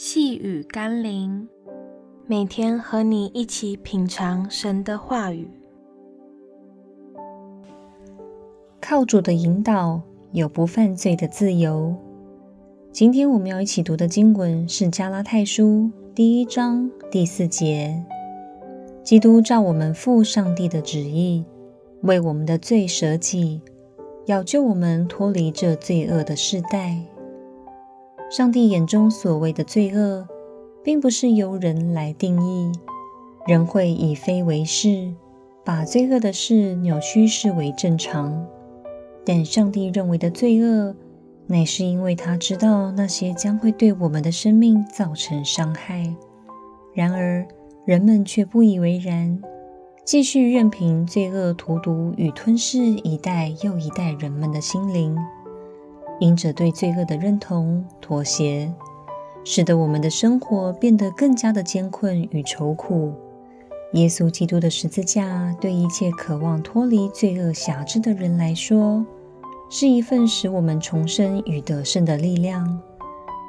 細語甘霖，每天和你一起品嚐神的話語。靠主的引導，有不犯罪的自由。今天我們要一起讀的經文是《加拉太書》第一章第四節。基督照我們父上帝的旨意，為我們的罪舍己，要救我們脫離這罪惡的世代。上帝眼中所謂的罪惡，並不是由人來定義。人會以非為是，把罪惡的事扭曲視為正常。但上帝認為的罪惡，乃是因為祂知道那些將會對我們的生命造成傷害。然而，人們却不以為然，繼續任憑罪惡荼毒與吞噬一代又一代人們的心靈。因着對罪惡的認同、妥協，使得我們的生活變得更加的艱困與愁苦。耶穌基督的十字架，對一切渴望脫離罪惡轄制的人來說，是一份使我們重生與得勝的力量，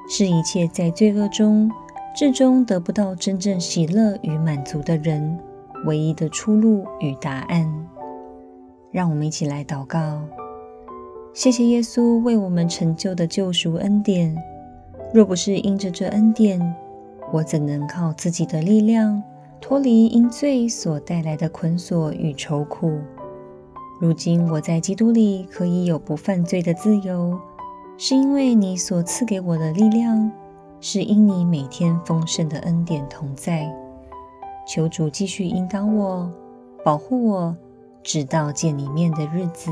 是一切在罪惡中至終得不到真正喜樂與滿足的人，唯一的出路與答案。讓我們一起來禱告。謝謝耶穌為我們成就的救贖恩典。若不是因着這恩典，我怎能靠自己的力量脫離因罪所帶來的捆鎖與愁苦？如今我在基督裡可以有不犯罪的自由，是因為你所賜給我的力量，是因你每天豐盛的恩典同在。求主繼續引導我，保護我，直到見你面的日子。